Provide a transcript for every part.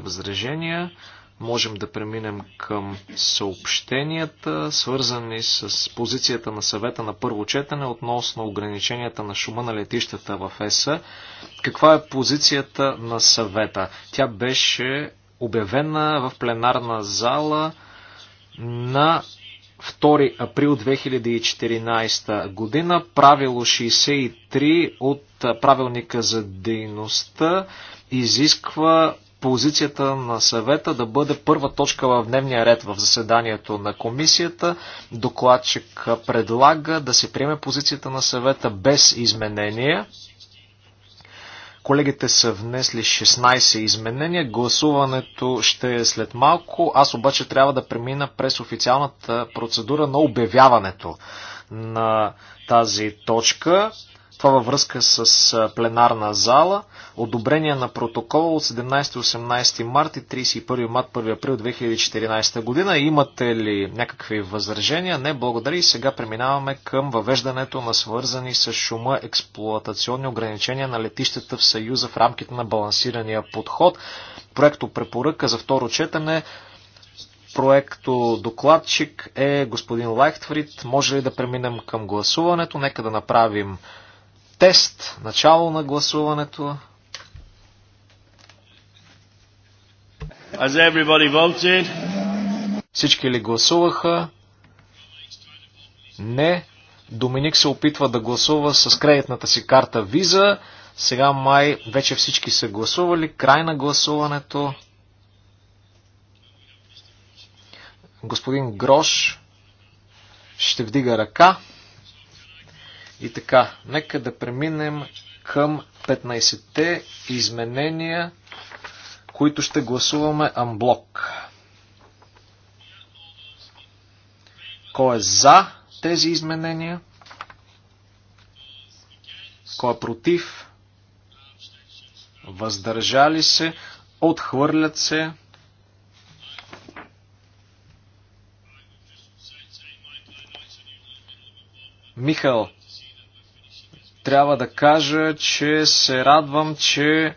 възражения, можем да преминем към съобщенията, свързани с позицията на съвета на първо четене относно ограниченията на шума на летищата в ЕСА. Каква е позицията на съвета? Тя беше обявена в пленарна зала на 2 април 2014 година, правило 63 от правилника за дейността изисква позицията на съвета да бъде първа точка в дневния ред в заседанието на комисията. Докладчик предлага да се приеме позицията на съвета без изменения. Колегите са внесли 16 изменения. Гласуването ще е след малко. Аз обаче трябва да премина през официалната процедура на обявяването на тази точка. Това във връзка с пленарна зала, одобрение на протокола от 17-18 март и 31 март 1 април 2014 година. Имате ли някакви възражения? Не, благодаря и сега преминаваме към въвеждането на свързани с шума експлуатационни ограничения на летищата в Съюза в рамките на балансирания подход. Проекто препоръка за второ четене проекто докладчик е господин Лайхтфрид. Може ли да преминем към гласуването? Нека да направим тест, начало на гласуването. As everybody voted. Всички ли гласуваха? Не. Доминик се опитва да гласува с кредитната си карта Виза. Сега май вече всички са гласували. Край на гласуването. Господин Грош ще вдига ръка. И така, нека да преминем към 15-те изменения, които ще гласуваме амблок. Кой е за тези изменения? Кой е против? Въздържали се? Отхвърлят се? Михал, трябва да кажа, че се радвам, че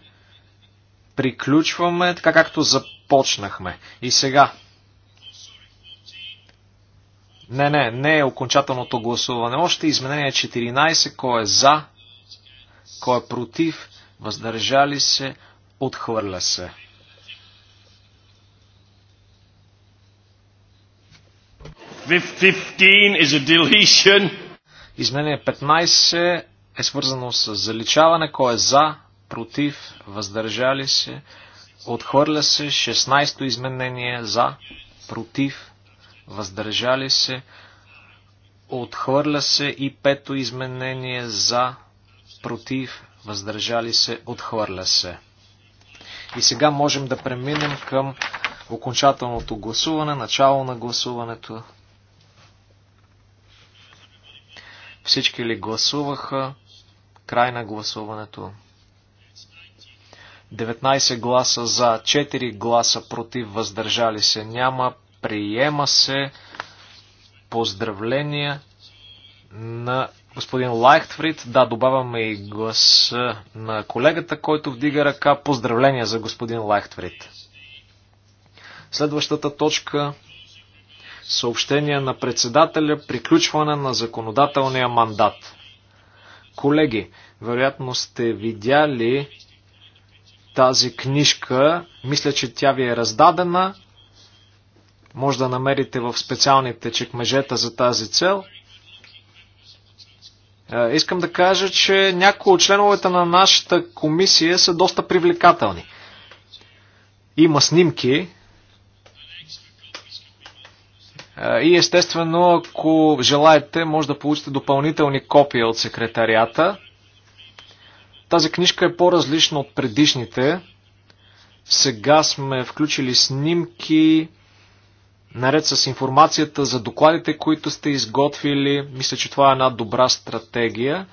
приключваме така както започнахме. И сега. Не, не, не е окончателното гласуване. Още изменение 14. Кой е за? Кой е против? Въздържали се? Отхвърля се. Изменение 15 е свързано с заличаване, кой е за, против, въздържали се, отхвърля се, 16-то изменение за, против, въздържали се, отхвърля се и пето изменение за, против, въздържали се, отхвърля се. И сега можем да преминем към окончателното гласуване, начало на гласуването. Всички ли гласуваха? Край на гласуването. 19 гласа за, 4 гласа против, въздържали се няма. Приема се поздравления на господин Лайхтфрид. Да, добавяме и глас на колегата, който вдига ръка. Поздравления за господин Лайхтфрид. Следващата точка съобщение на председателя, приключване на законодателния мандат. Колеги, вероятно сте видяли тази книжка. Мисля, че тя ви е раздадена. Може да намерите в специалните чекмежета за тази цел. Е, искам да кажа, че някои от членовете на нашата комисия са доста привлекателни. Има снимки и естествено, ако желаете, може да получите допълнителни копия от секретарията. Тази книжка е по-различна от предишните. Сега сме включили снимки, наред с информацията за докладите, които сте изготвили. Мисля, че това е една добра стратегия.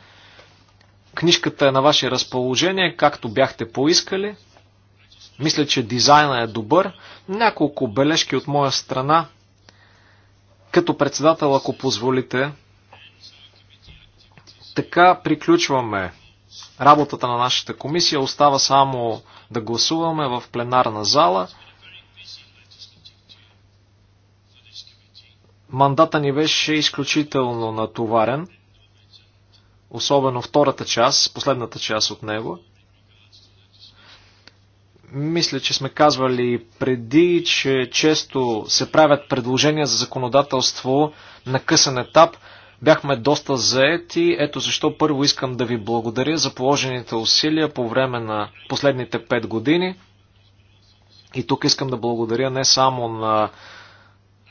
Книжката е на ваше разположение, както бяхте поискали. Мисля, че дизайна е добър. Няколко бележки от моя страна. Като председател, ако позволите, така приключваме работата на нашата комисия. Остава само да гласуваме в пленарна зала. Мандата ни беше изключително натоварен, особено втората част, последната част от него – мисля, че сме казвали преди, че често се правят предложения за законодателство на късен етап. Бяхме доста заети. Ето защо първо искам да ви благодаря за положените усилия по време на последните 5 години. И тук искам да благодаря не само на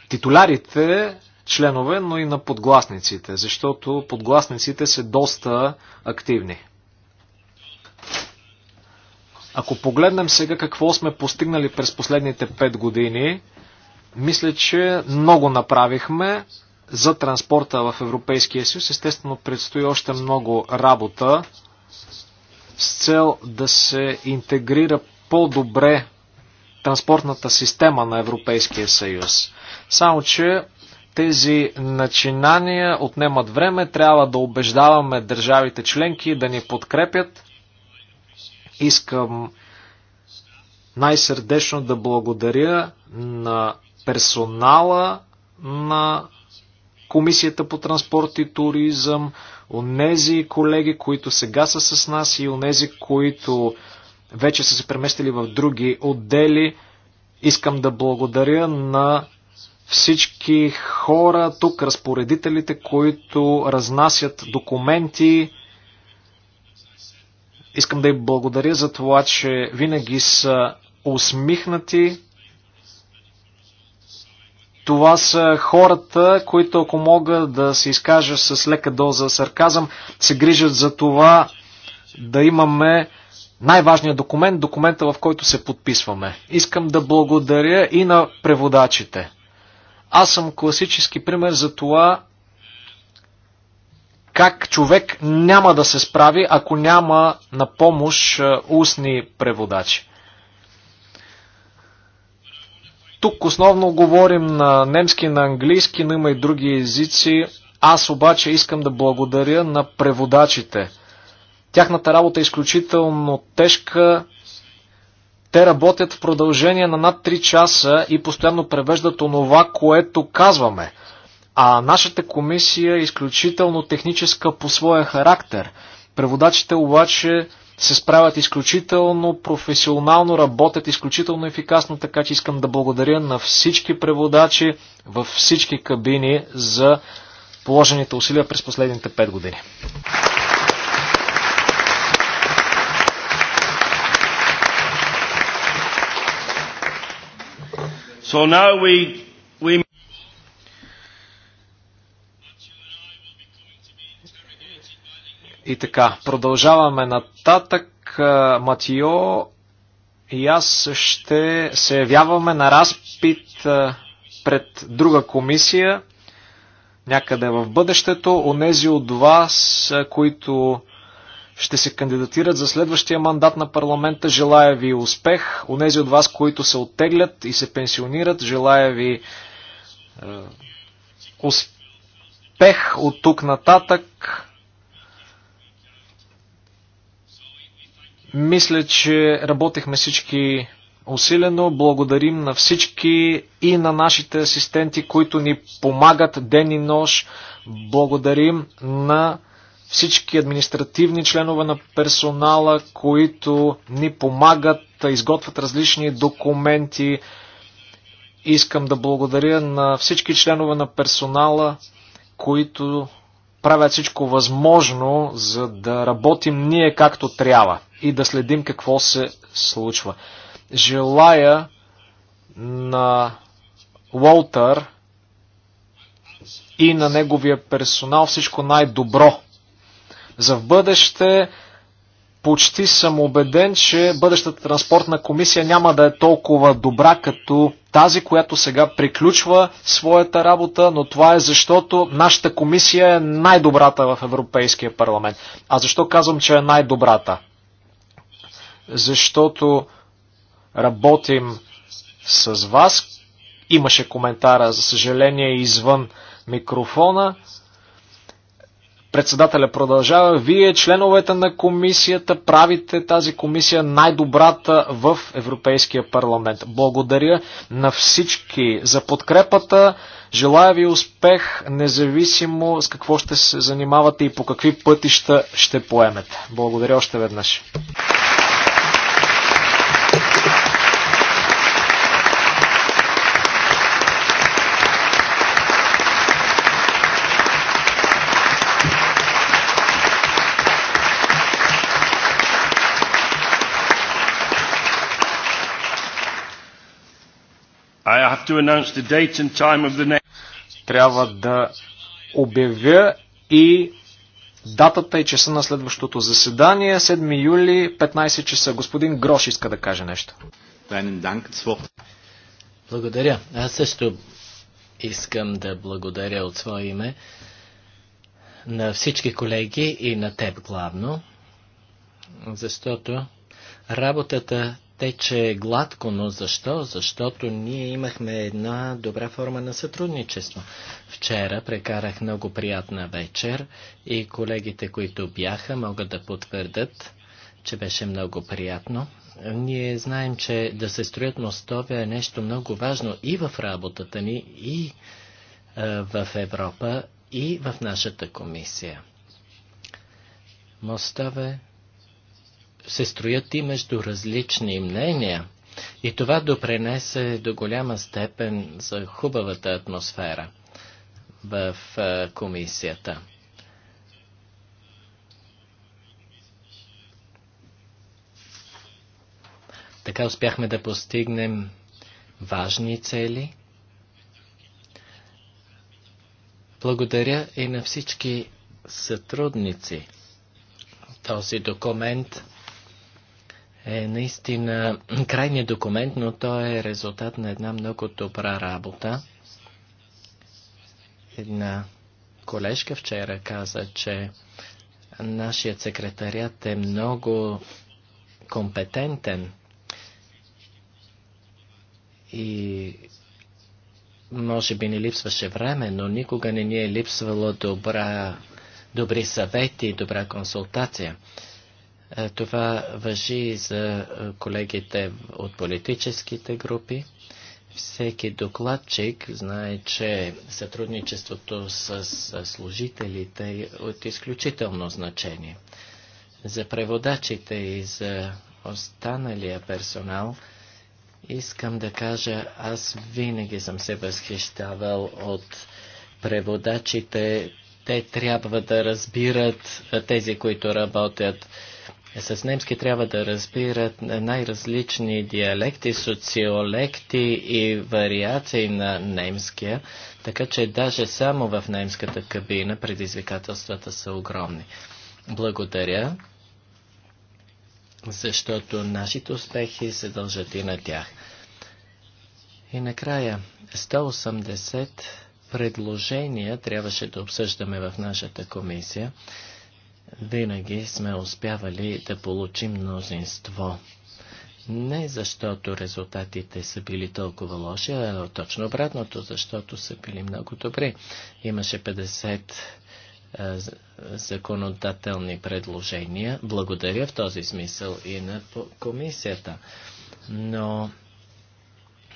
титулярите, членове, но и на подгласниците, защото подгласниците са доста активни. Ако погледнем сега какво сме постигнали през последните 5 години, мисля, че много направихме за транспорта в Европейския съюз. Естествено, предстои още много работа с цел да се интегрира по-добре транспортната система на Европейския съюз. Само, че тези начинания отнемат време, трябва да убеждаваме държавите членки да ни подкрепят. Искам най-сърдечно да благодаря на персонала на Комисията по транспорт и туризъм, онези колеги, които сега са с нас и онези, които вече са се преместили в други отдели. Искам да благодаря на всички хора тук, разпоредителите, които разнасят документи, Искам да й благодаря за това, че винаги са усмихнати. Това са хората, които ако мога да се изкажа с лека доза сарказъм, се грижат за това да имаме най-важният документ, документа в който се подписваме. Искам да благодаря и на преводачите. Аз съм класически пример за това, как човек няма да се справи, ако няма на помощ е, устни преводачи. Тук основно говорим на немски, на английски, но има и други езици. Аз обаче искам да благодаря на преводачите. Тяхната работа е изключително тежка. Те работят в продължение на над 3 часа и постоянно превеждат онова, което казваме а нашата комисия е изключително техническа по своя характер. Преводачите обаче се справят изключително професионално, работят изключително ефикасно, така че искам да благодаря на всички преводачи във всички кабини за положените усилия през последните 5 години. So now we, we... И така, продължаваме нататък. Матио и аз ще се явяваме на разпит пред друга комисия някъде в бъдещето. Онези от вас, които ще се кандидатират за следващия мандат на парламента, желая ви успех. Онези от вас, които се оттеглят и се пенсионират, желая ви успех от тук нататък. Мисля, че работихме всички усилено. Благодарим на всички и на нашите асистенти, които ни помагат ден и нощ. Благодарим на всички административни членове на персонала, които ни помагат, изготвят различни документи. Искам да благодаря на всички членове на персонала, които правят всичко възможно, за да работим ние както трябва и да следим какво се случва. Желая на Уолтър и на неговия персонал всичко най-добро за в бъдеще почти съм убеден, че бъдещата транспортна комисия няма да е толкова добра като тази, която сега приключва своята работа, но това е защото нашата комисия е най-добрата в Европейския парламент. А защо казвам, че е най-добрата? Защото работим с вас. Имаше коментара, за съжаление, извън микрофона. Председателя продължава. Вие, членовете на комисията, правите тази комисия най-добрата в Европейския парламент. Благодаря на всички за подкрепата. Желая ви успех, независимо с какво ще се занимавате и по какви пътища ще поемете. Благодаря още веднъж. Трябва да обявя и датата и часа на следващото заседание. 7 юли, 15 часа. Господин Грош иска да каже нещо. Благодаря. Аз също искам да благодаря от свое име на всички колеги и на теб главно, защото работата тече е гладко, но защо? Защото ние имахме една добра форма на сътрудничество. Вчера прекарах много приятна вечер и колегите, които бяха, могат да потвърдят, че беше много приятно. Ние знаем, че да се строят мостове е нещо много важно и в работата ни, и е, в Европа, и в нашата комисия. Мостове се строят и между различни мнения. И това допренесе до голяма степен за хубавата атмосфера в комисията. Така успяхме да постигнем важни цели. Благодаря и на всички сътрудници. Този документ е наистина крайният документ, но той е резултат на една много добра работа. Една колежка вчера каза, че нашият секретарят е много компетентен и може би ни липсваше време, но никога не ни е липсвало добра, добри съвети и добра консултация. Е, това въжи и за е, колегите от политическите групи. Всеки докладчик знае, че сътрудничеството с е, служителите е от изключително значение. За преводачите и за останалия персонал искам да кажа, аз винаги съм се възхищавал от преводачите. Те трябва да разбират тези, които работят с немски трябва да разбират най-различни диалекти, социолекти и вариации на немския, така че даже само в немската кабина предизвикателствата са огромни. Благодаря, защото нашите успехи се дължат и на тях. И накрая, 180 предложения трябваше да обсъждаме в нашата комисия винаги сме успявали да получим мнозинство. Не защото резултатите са били толкова лоши, а точно обратното, защото са били много добри. Имаше 50 законодателни предложения. Благодаря в този смисъл и на комисията. Но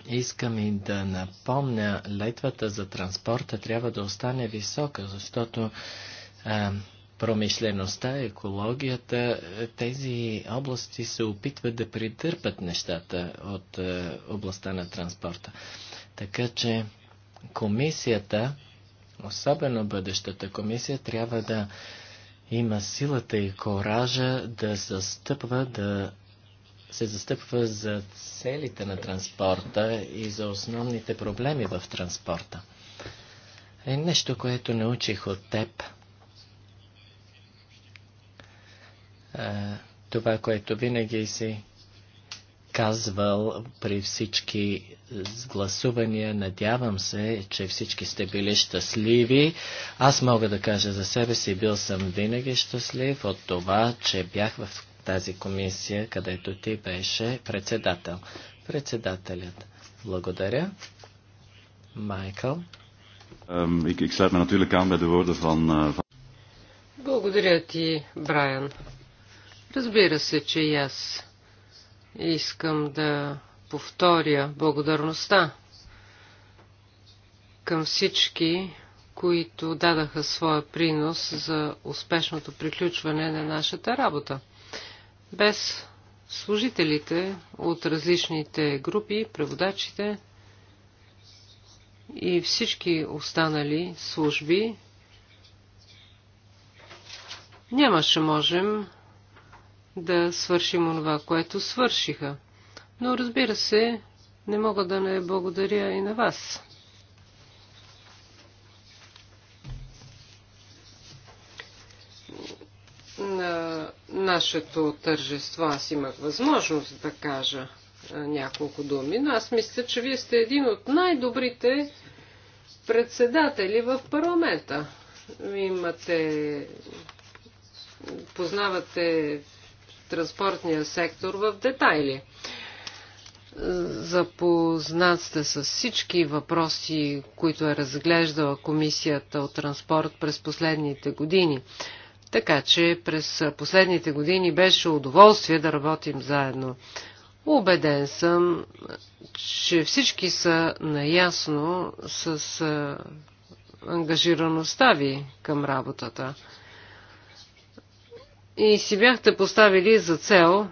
искам и да напомня, летвата за транспорта трябва да остане висока, защото промишлеността, екологията, тези области се опитват да притърпат нещата от е, областта на транспорта. Така че комисията, особено бъдещата комисия, трябва да има силата и коража да застъпва, да се застъпва за целите на транспорта и за основните проблеми в транспорта. Е нещо, което научих от теб – Е, това, което винаги си казвал при всички гласувания. Надявам се, че всички сте били щастливи. Аз мога да кажа за себе си, бил съм винаги щастлив от това, че бях в тази комисия, където ти беше председател. Председателят. Благодаря. Майкъл. Eh, благодаря ти, Брайан. Разбира се, че и аз искам да повторя благодарността към всички, които дадаха своя принос за успешното приключване на нашата работа. Без служителите от различните групи, преводачите и всички останали служби, нямаше можем да свършим онова, което свършиха. Но разбира се, не мога да не благодаря и на вас. На нашето тържество аз имах възможност да кажа няколко думи, но аз мисля, че вие сте един от най-добрите председатели в парламента. Имате, познавате транспортния сектор в детайли. Запознат сте с всички въпроси, които е разглеждала Комисията от транспорт през последните години. Така че през последните години беше удоволствие да работим заедно. Убеден съм, че всички са наясно с ангажираността ви към работата и си бяхте поставили за цел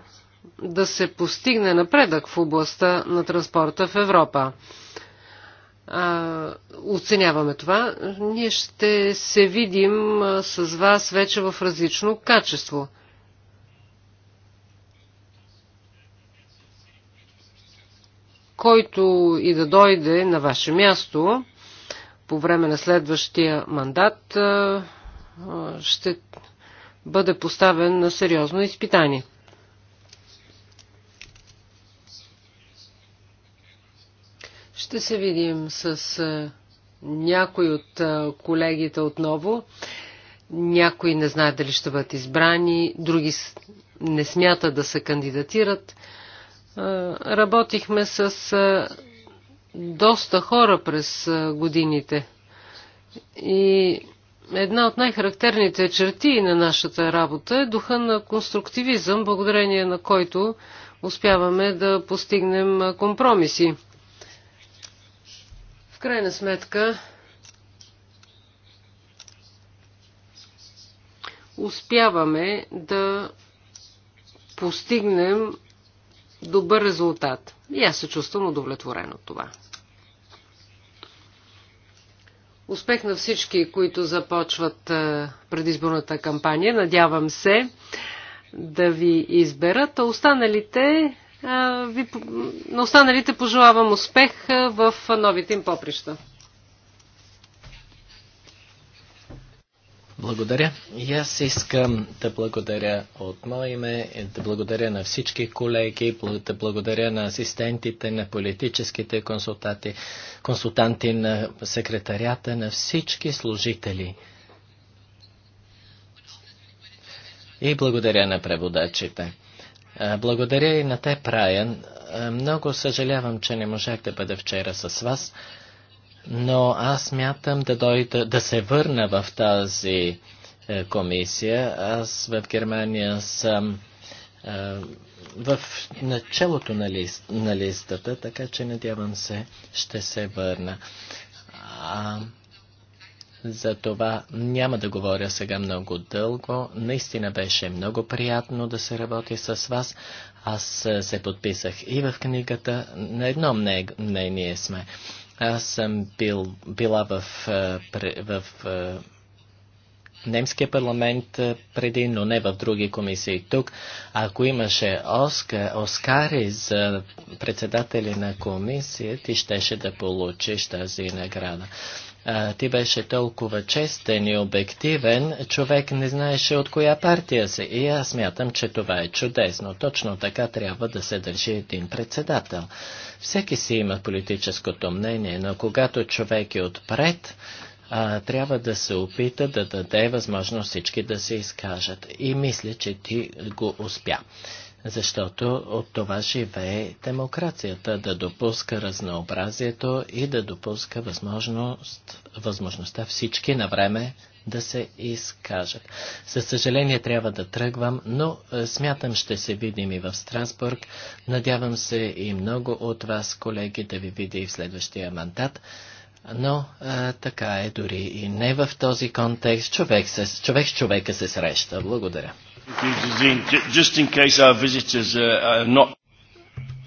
да се постигне напредък в областта на транспорта в Европа. А, оценяваме това. Ние ще се видим с вас вече в различно качество. Който и да дойде на ваше място по време на следващия мандат, ще бъде поставен на сериозно изпитание. Ще се видим с някои от колегите отново. Някои не знаят дали ще бъдат избрани, други не смятат да се кандидатират. Работихме с доста хора през годините и една от най-характерните черти на нашата работа е духа на конструктивизъм, благодарение на който успяваме да постигнем компромиси. В крайна сметка, успяваме да постигнем добър резултат. И аз се чувствам удовлетворен от това. Успех на всички, които започват е, предизборната кампания. Надявам се да ви изберат. А останалите, е, ви, на останалите пожелавам успех е, в новите им поприща. Благодаря. И аз искам да благодаря от мое име, е да благодаря на всички колеги, да благодаря на асистентите, на политическите консултати, консултанти на секретарята, на всички служители. И благодаря на преводачите. Благодаря и на те, Праян. Много съжалявам, че не можах да бъда вчера с вас. Но аз мятам да дойда, да се върна в тази е, комисия. Аз в Германия съм е, в началото на, лист, на листата, така че надявам се, ще се върна. А, за това няма да говоря сега много дълго. Наистина беше много приятно да се работи с вас. Аз е, се подписах и в книгата. На едно мнение сме. Аз съм бил, била в, в, в немския парламент преди, но не в други комисии тук. Ако имаше Оскар, Оскари за председатели на комисия, ти щеше да получиш тази награда. А, ти беше толкова честен и обективен, човек не знаеше от коя партия си. И аз мятам, че това е чудесно. Точно така трябва да се държи един председател. Всеки си има политическото мнение, но когато човек е отпред, а, трябва да се опита да даде възможност всички да се изкажат. И мисля, че ти го успя защото от това живее демокрацията, да допуска разнообразието и да допуска възможност, възможността всички на време да се изкажат. Със съжаление трябва да тръгвам, но е, смятам ще се видим и в Страсбург. Надявам се и много от вас, колеги, да ви видя и в следващия мандат. Но а, е, така е дори и не в този контекст. Човек, с, човек с човека се среща. Благодаря.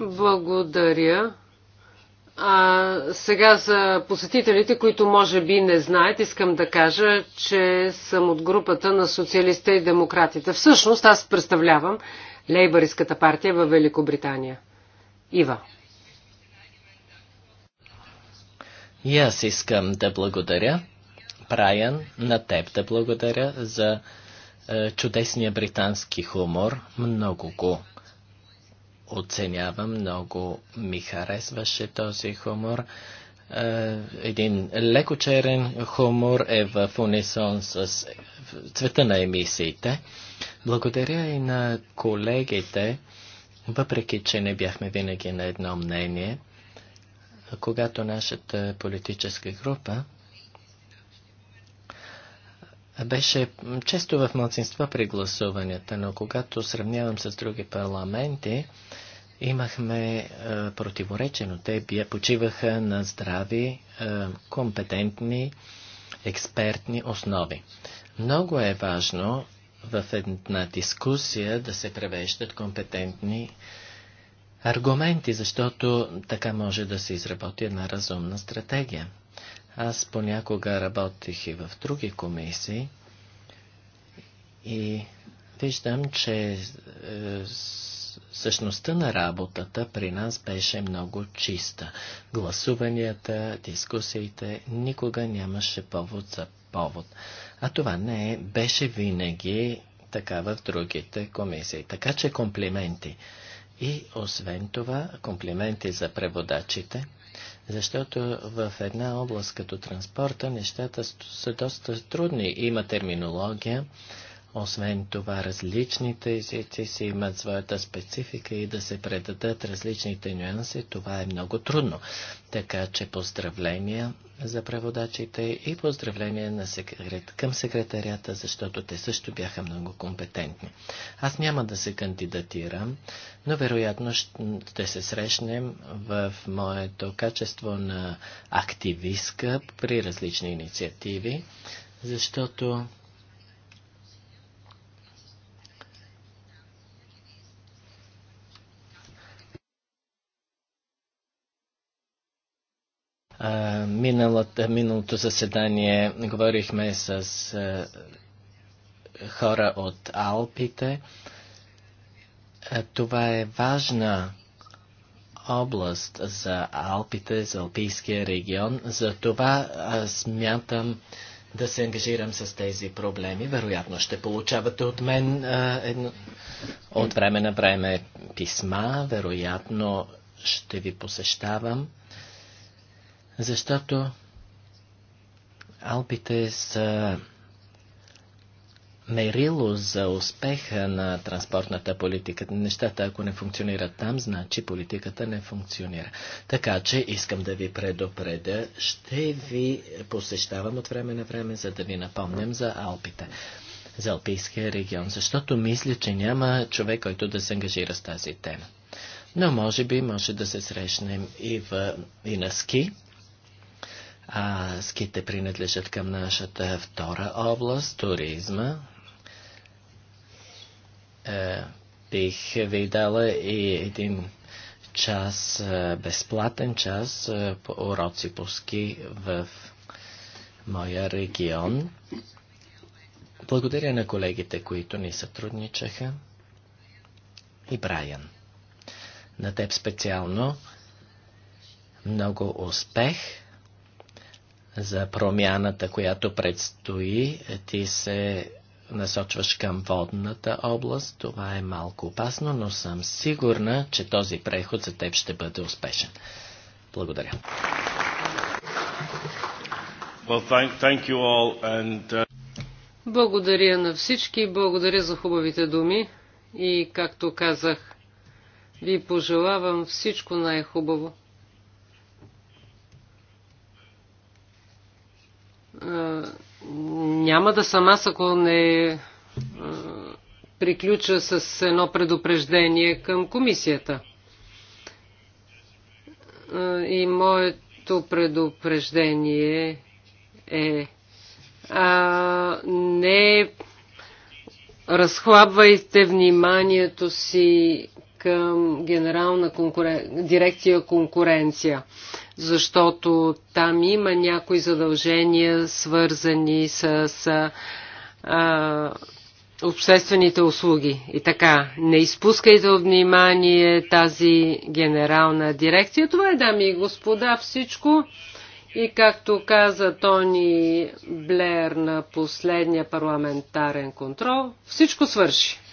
Благодаря. А, сега за посетителите, които може би не знаят, искам да кажа, че съм от групата на социалистите и демократите. Всъщност аз представлявам Лейбъристската партия в Великобритания. Ива. И аз искам да благодаря, Праян, на теб да благодаря за е, чудесния британски хумор. Много го оценявам, много ми харесваше този хумор. Е, един леко черен хумор е в унисон с цвета на емисиите. Благодаря и на колегите, въпреки че не бяхме винаги на едно мнение, когато нашата политическа група беше често в младсинства при гласуванията, но когато сравнявам с други парламенти, имахме е, противоречено. те бие, почиваха на здрави, е, компетентни, експертни основи. Много е важно в една дискусия да се превеждат компетентни аргументи, защото така може да се изработи една разумна стратегия. Аз понякога работих и в други комисии и виждам, че е, същността на работата при нас беше много чиста. Гласуванията, дискусиите, никога нямаше повод за повод. А това не е, беше винаги така в другите комисии. Така че комплименти. И освен това, комплименти за преводачите. Защото в една област като транспорта нещата са доста трудни. Има терминология, освен това, различните езици си имат своята специфика и да се предадат различните нюанси, това е много трудно. Така че поздравления за преводачите и поздравления на секрет, към секретарята, защото те също бяха много компетентни. Аз няма да се кандидатирам, но вероятно ще се срещнем в моето качество на активистка при различни инициативи, защото Миналата, миналото заседание говорихме с е, хора от Алпите. Е, това е важна област за Алпите, за Алпийския регион. За това е, смятам да се ангажирам с тези проблеми. Вероятно ще получавате от мен а, едно, от време на време писма. Вероятно ще ви посещавам защото Алпите са мерило за успеха на транспортната политика. Нещата, ако не функционират там, значи политиката не функционира. Така че искам да ви предупредя, ще ви посещавам от време на време, за да ви напомням за Алпите, за Алпийския регион, защото мисля, че няма човек, който да се ангажира с тази тема. Но може би може да се срещнем и, в, и на ски. А, ските принадлежат към нашата втора област туризма. Е, бих ви дала и един час, е, безплатен час е, по уроци по ски в моя регион. Благодаря на колегите, които ни сътрудничаха. И Брайан. На теб специално много успех за промяната, която предстои. Ти се насочваш към водната област. Това е малко опасно, но съм сигурна, че този преход за теб ще бъде успешен. Благодаря. Well, thank, thank you all and, uh... Благодаря на всички, благодаря за хубавите думи и, както казах, ви пожелавам всичко най-хубаво. няма да съм аз, ако не е, приключа с едно предупреждение към комисията. Е, и моето предупреждение е а, не разхлабвайте вниманието си към генерална конкурен... дирекция конкуренция защото там има някои задължения, свързани с а, обществените услуги. И така, не изпускайте от внимание тази генерална дирекция. Това е, дами и господа, всичко. И както каза Тони Блер на последния парламентарен контрол, всичко свърши.